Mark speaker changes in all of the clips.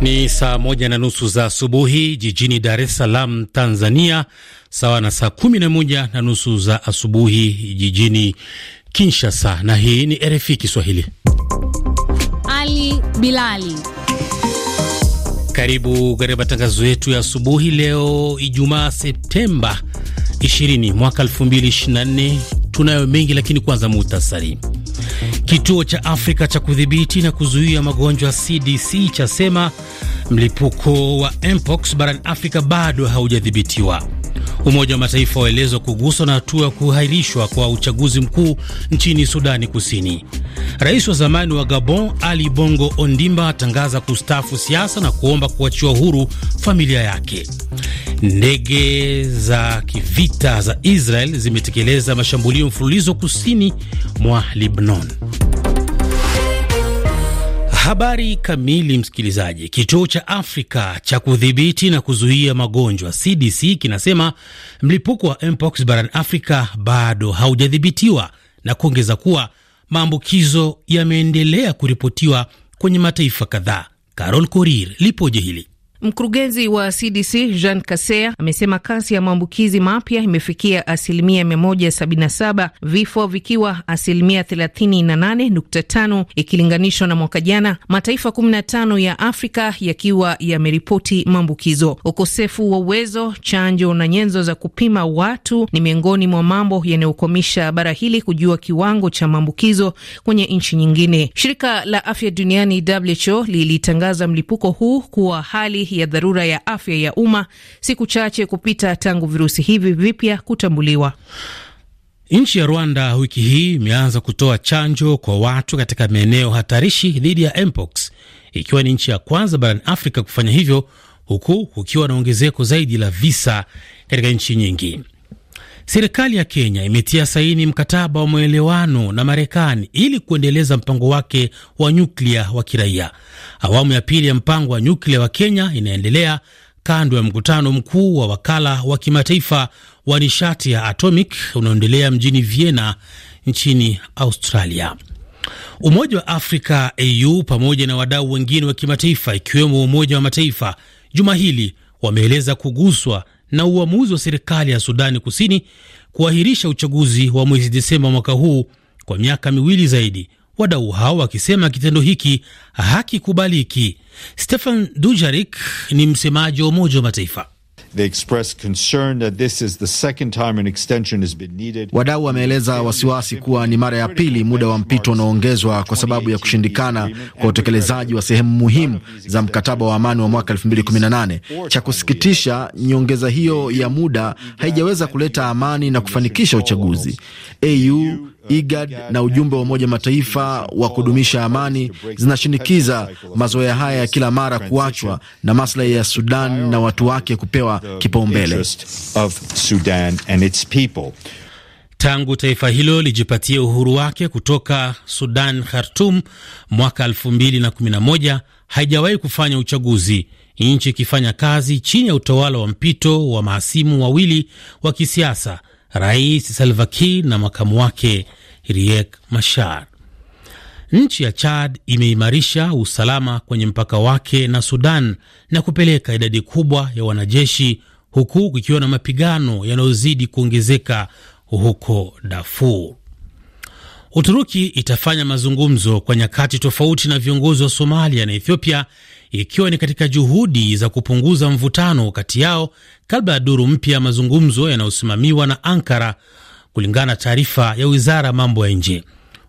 Speaker 1: Ni saa moja na nusu za asubuhi jijini Dar es Salaam, Tanzania, sawa na saa kumi na moja na nusu za asubuhi jijini Kinshasa. Na hii ni RFI Kiswahili.
Speaker 2: Ali Bilali,
Speaker 1: karibu katika matangazo yetu ya asubuhi leo, Ijumaa Septemba 20 mwaka 2024. Tunayo mengi, lakini kwanza muhtasari Kituo cha Afrika cha kudhibiti na kuzuia magonjwa CDC chasema mlipuko wa mpox barani Afrika bado haujadhibitiwa. Umoja wa Mataifa waelezwa kuguswa na hatua ya kuhairishwa kwa uchaguzi mkuu nchini Sudani Kusini. Rais wa zamani wa Gabon Ali Bongo Ondimba atangaza kustafu siasa na kuomba kuachiwa huru familia yake. Ndege za kivita za Israel zimetekeleza mashambulio mfululizo kusini mwa Lebanon. Habari kamili, msikilizaji. Kituo cha Afrika cha kudhibiti na kuzuia magonjwa CDC kinasema mlipuko wa mpox barani Afrika bado haujadhibitiwa na kuongeza kuwa maambukizo yameendelea kuripotiwa kwenye mataifa kadhaa. Carol Korir lipoje hili Mkurugenzi wa CDC Jean Kasea amesema kasi ya maambukizi mapya imefikia asilimia 177, vifo vikiwa asilimia 38.5 ikilinganishwa na mwaka jana, mataifa 15
Speaker 2: ya Afrika yakiwa yameripoti maambukizo. Ukosefu wa uwezo, chanjo na nyenzo za kupima watu ni miongoni mwa mambo yanayokwamisha bara hili kujua kiwango cha maambukizo kwenye nchi nyingine. Shirika la Afya Duniani WHO lilitangaza mlipuko huu kuwa hali ya dharura ya afya ya umma siku chache kupita tangu virusi hivi vipya kutambuliwa.
Speaker 1: Nchi ya Rwanda wiki hii imeanza kutoa chanjo kwa watu katika maeneo hatarishi dhidi ya mpox, ikiwa ni nchi ya kwanza barani Afrika kufanya hivyo, huku kukiwa na ongezeko zaidi la visa katika nchi nyingi. Serikali ya Kenya imetia saini mkataba wa mwelewano na Marekani ili kuendeleza mpango wake wa nyuklia wa kiraia. Awamu ya pili ya mpango wa nyuklia wa Kenya inaendelea kando ya mkutano mkuu wa wakala wa kimataifa wa nishati ya atomic unaoendelea mjini Vienna nchini Australia. Umoja wa Afrika AU pamoja na wadau wengine wa kimataifa ikiwemo Umoja wa Mataifa juma hili wameeleza kuguswa na uamuzi wa serikali ya Sudani Kusini kuahirisha uchaguzi wa mwezi Desemba mwaka huu kwa miaka miwili zaidi, wadau hao wakisema kitendo hiki hakikubaliki. Stefan Dujarik ni msemaji wa Umoja wa Mataifa.
Speaker 2: They express concern that this is the second time an extension has been needed. Wadau wameeleza wasiwasi kuwa ni mara ya pili muda wa mpito unaoongezwa kwa sababu ya kushindikana kwa utekelezaji wa sehemu muhimu za mkataba wa amani wa mwaka 2018. Cha kusikitisha, nyongeza hiyo ya muda haijaweza kuleta amani na kufanikisha uchaguzi. AU IGAD na ujumbe wa Umoja Mataifa wa kudumisha amani zinashinikiza mazoea haya ya kila mara kuachwa na maslahi ya Sudan na watu wake kupewa kipaumbele.
Speaker 1: Tangu taifa hilo lijipatie uhuru wake kutoka Sudan Khartum mwaka 2011 haijawahi kufanya uchaguzi, nchi ikifanya kazi chini ya utawala wa mpito wa mahasimu wawili wa kisiasa, Rais Salva Kiir na makamu wake Riek Machar. Nchi ya Chad imeimarisha usalama kwenye mpaka wake na Sudan na kupeleka idadi kubwa ya wanajeshi huku kukiwa na mapigano yanayozidi kuongezeka huko Darfur. Uturuki itafanya mazungumzo kwa nyakati tofauti na viongozi wa Somalia na Ethiopia ikiwa ni katika juhudi za kupunguza mvutano kati yao kabla ya duru mpya ya mazungumzo yanayosimamiwa na Ankara kulingana na taarifa ya wizara ya mambo ya
Speaker 2: nje.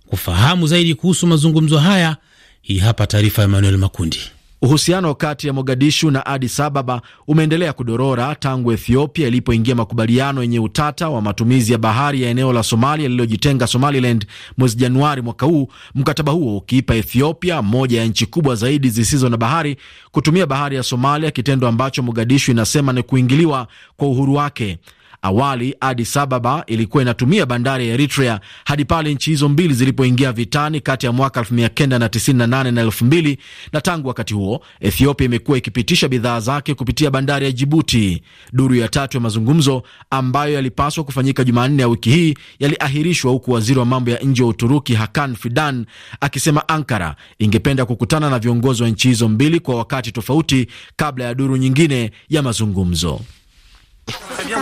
Speaker 2: Kufahamu zaidi kuhusu mazungumzo haya, hii hapa taarifa ya Emmanuel Makundi. Uhusiano kati ya Mogadishu na Adis Ababa umeendelea kudorora tangu Ethiopia ilipoingia makubaliano yenye utata wa matumizi ya bahari ya eneo la Somalia lililojitenga Somaliland mwezi Januari mwaka huu, mkataba huo ukiipa Ethiopia, moja ya nchi kubwa zaidi zisizo na bahari, kutumia bahari ya Somalia, kitendo ambacho Mogadishu inasema ni kuingiliwa kwa uhuru wake. Awali Addis Ababa ilikuwa inatumia bandari ya Eritrea hadi pale nchi hizo mbili zilipoingia vitani kati ya mwaka 1998 na 2000, na tangu wakati huo Ethiopia imekuwa ikipitisha bidhaa zake kupitia bandari ya Jibuti. Duru ya tatu ya mazungumzo ambayo yalipaswa kufanyika Jumanne ya wiki hii yaliahirishwa, huku waziri wa mambo ya nje wa Uturuki Hakan Fidan akisema Ankara ingependa kukutana na viongozi wa nchi hizo mbili kwa wakati tofauti kabla ya duru nyingine ya mazungumzo. Très bien,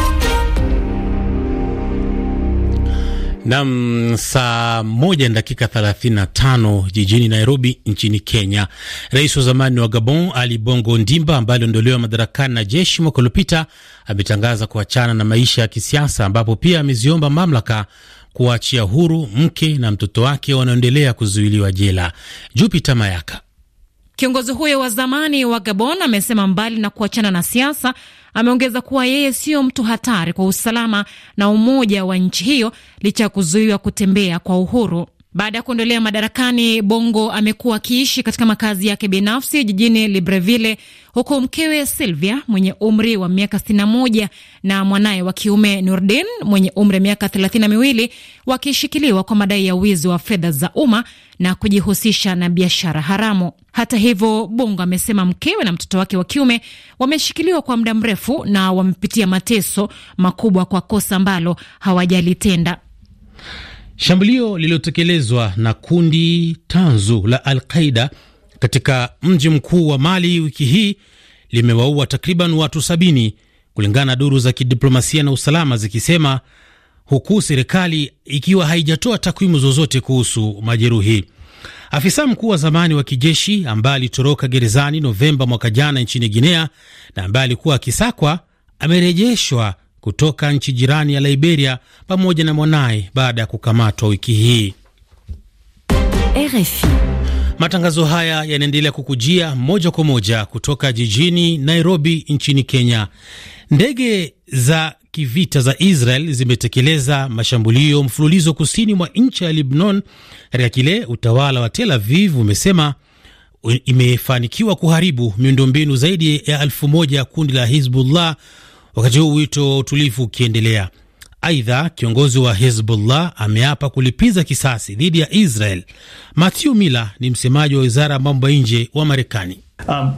Speaker 1: Nam, saa moja na dakika 35 jijini Nairobi nchini Kenya. Rais wa zamani wa Gabon Ali Bongo Ndimba, ambaye aliondolewa madarakani na jeshi mwaka uliopita, ametangaza kuachana na maisha ya kisiasa, ambapo pia ameziomba mamlaka kuwachia huru mke na mtoto wake wanaoendelea kuzuiliwa jela. Jupita Mayaka,
Speaker 2: kiongozi huyo wa zamani wa Gabon, amesema mbali na kuachana na siasa Ameongeza kuwa yeye sio mtu hatari kwa usalama na umoja wa nchi hiyo licha ya kuzuiwa kutembea kwa uhuru. Baada ya kuondolea madarakani, Bongo amekuwa akiishi katika makazi yake binafsi jijini Libreville, huku mkewe Silvia mwenye umri wa miaka 61 na mwanaye wa kiume Nurdin mwenye umri wa miaka 32 wakishikiliwa kwa madai ya wizi wa fedha za umma na kujihusisha na biashara haramu. Hata hivyo, Bongo amesema mkewe na mtoto wake wa kiume wameshikiliwa kwa muda mrefu na wamepitia mateso makubwa kwa kosa ambalo hawajalitenda.
Speaker 1: Shambulio lililotekelezwa na kundi tanzu la Al-Qaida katika mji mkuu wa Mali wiki hii limewaua takriban watu sabini kulingana na duru za kidiplomasia na usalama zikisema, huku serikali ikiwa haijatoa takwimu zozote kuhusu majeruhi. Afisa mkuu wa zamani wa kijeshi ambaye alitoroka gerezani Novemba mwaka jana nchini Guinea na ambaye alikuwa akisakwa amerejeshwa kutoka nchi jirani ya Liberia pamoja na mwanaye baada ya kukamatwa wiki hii. RFI. Matangazo haya yanaendelea kukujia moja kwa moja kutoka jijini Nairobi nchini Kenya. Ndege za kivita za Israel zimetekeleza mashambulio mfululizo kusini mwa nchi ya Lebanon katika kile utawala wa Tel Aviv umesema imefanikiwa kuharibu miundombinu zaidi ya elfu moja ya kundi la Hizbullah wakati huu wito wa utulivu ukiendelea. Aidha, kiongozi wa Hezbollah ameapa kulipiza kisasi dhidi ya Israel. Matthew Miller ni msemaji wa wizara ya mambo ya nje wa Marekani. Um,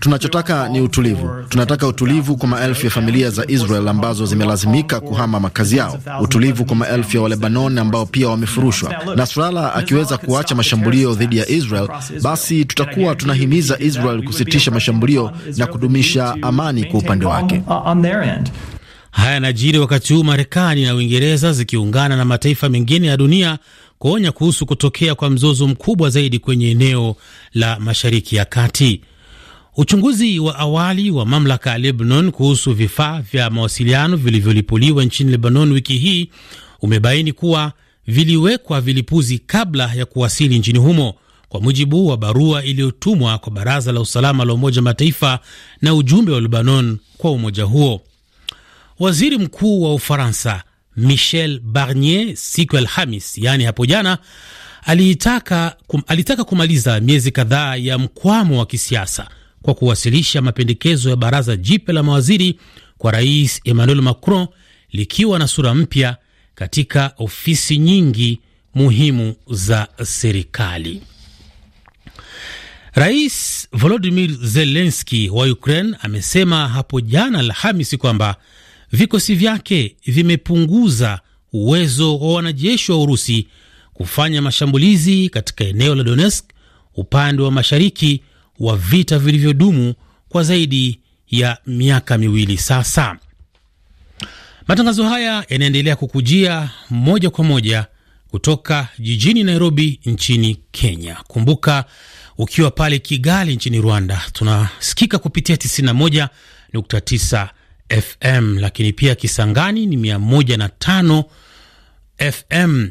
Speaker 2: Tunachotaka ni utulivu. Tunataka utulivu kwa maelfu ya familia za Israel ambazo zimelazimika kuhama makazi yao, utulivu kwa maelfu ya Walebanon ambao pia wamefurushwa. Nasrala akiweza kuacha mashambulio dhidi ya Israel, basi tutakuwa tunahimiza Israel kusitisha mashambulio na kudumisha amani kwa upande wake.
Speaker 1: Haya yanajiri wakati huu Marekani na Uingereza zikiungana na mataifa mengine ya dunia kuonya kuhusu kutokea kwa mzozo mkubwa zaidi kwenye eneo la Mashariki ya Kati. Uchunguzi wa awali wa mamlaka ya Lebanon kuhusu vifaa vya mawasiliano vilivyolipuliwa nchini Lebanon wiki hii umebaini kuwa viliwekwa vilipuzi kabla ya kuwasili nchini humo, kwa mujibu wa barua iliyotumwa kwa Baraza la Usalama la Umoja Mataifa na ujumbe wa Lebanon kwa umoja huo. Waziri Mkuu wa Ufaransa Michel Barnier siku ya Alhamis, yaani hapo jana, alitaka, kum, alitaka kumaliza miezi kadhaa ya mkwamo wa kisiasa kwa kuwasilisha mapendekezo ya baraza jipya la mawaziri kwa Rais Emmanuel Macron likiwa na sura mpya katika ofisi nyingi muhimu za serikali. Rais Volodimir Zelenski wa Ukraine amesema hapo jana Alhamisi kwamba vikosi vyake vimepunguza uwezo wa wanajeshi wa Urusi kufanya mashambulizi katika eneo la Donetsk upande wa mashariki wa vita vilivyodumu kwa zaidi ya miaka miwili sasa. Matangazo haya yanaendelea kukujia moja kwa moja kutoka jijini Nairobi nchini Kenya. Kumbuka ukiwa pale Kigali nchini Rwanda, tunasikika kupitia 91.9 FM, lakini pia Kisangani ni 105 FM.